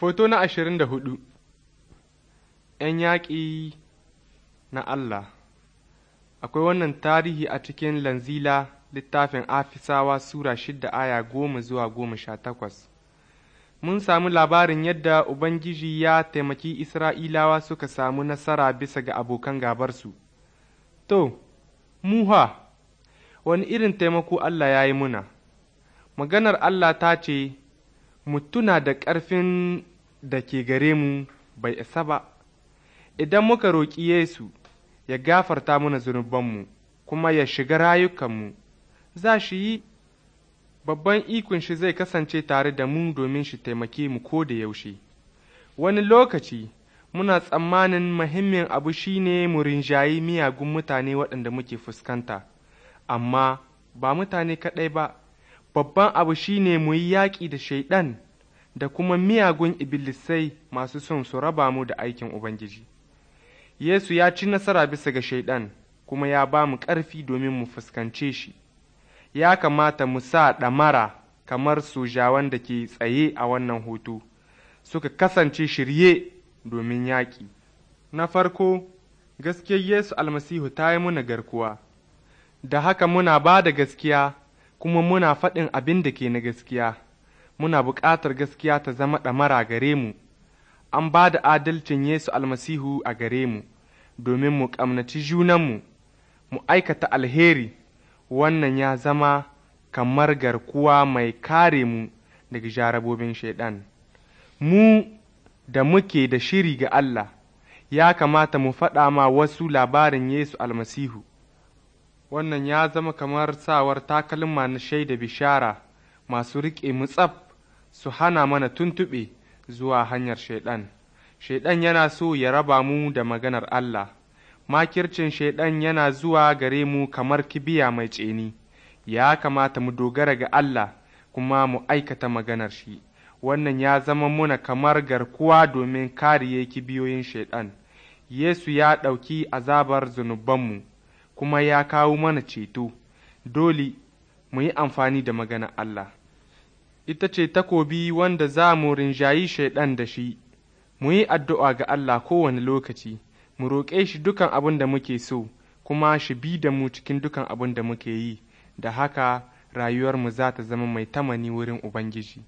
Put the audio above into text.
Foto na ashirin da hudu ‘Yan yaƙi na Allah Akwai wannan tarihi a cikin Lanzila littafin Afisawa Sura shida aya goma zuwa goma sha takwas. Mun samu labarin yadda Ubangiji ya taimaki Isra'ilawa suka samu nasara bisa ga abokan gabarsu. To, muha, wani irin taimako Allah ya yi muna, maganar Allah ta ce, mutuna da ƙarfin da ke gare mu bai isa ba, idan muka roƙi Yesu ya gafarta mana zunubanmu kuma ya shiga rayukanmu, za shi yi babban ikon shi zai kasance tare da mu domin shi taimake mu ko da yaushe. Wani lokaci muna tsammanin muhimmin abu shine mu rinjayi miyagun mutane waɗanda muke fuskanta, amma ba mutane kaɗai ba, babban abu shine mu yi yaƙi da shaiɗan. da kuma miyagun ibilisai masu son su raba mu da aikin Ubangiji. Yesu ya ci nasara bisa ga Shaiɗan kuma ya ba mu ƙarfi domin mu fuskance shi. Ya kamata mu sa ɗamara kamar sojawan da ke tsaye a wannan hoto, suka kasance shirye domin yaƙi. Na farko, gaskiyar Yesu almasihu ta yi muna garkuwa, da haka muna ba da gaskiya kuma muna faɗin abin da ke na gaskiya. muna buƙatar gaskiya ta zama ɗamara gare mu, an ba da adalcin Yesu almasihu a gare mu, domin mu ƙamnaci junanmu, mu aikata alheri, wannan ya zama kamar garkuwa mai kare mu daga jarabobin Shaiɗan. Mu da muke da shiri ga Allah, ya kamata mu faɗa ma wasu labarin Yesu almasihu. Wannan ya zama kamar sawar takalma na shaida bishara masu riƙe mu tsaf su hana mana tuntuɓe zuwa hanyar Shaiɗan. Shaiɗan yana so ya raba mu da maganar Allah, makircin Shaiɗan yana zuwa gare mu kamar kibiya mai tseni, ya kamata mu dogara ga Allah kuma mu aikata maganar shi. Wannan ya zama muna kamar garkuwa domin kariye kibiyoyin Shaiɗan. Yesu ya ɗauki azabar zunubanmu, kuma ya kawo mana ceto, dole mu yi amfani da maganar Allah. ita ce takobi wanda za mu rinjayi Shaiɗan da shi, mu yi addu'a ga Allah kowane lokaci, mu roƙe shi dukan abin da muke so, kuma shi bi da mu cikin dukan abin da muke yi, da haka rayuwarmu za ta zama mai tamani wurin Ubangiji.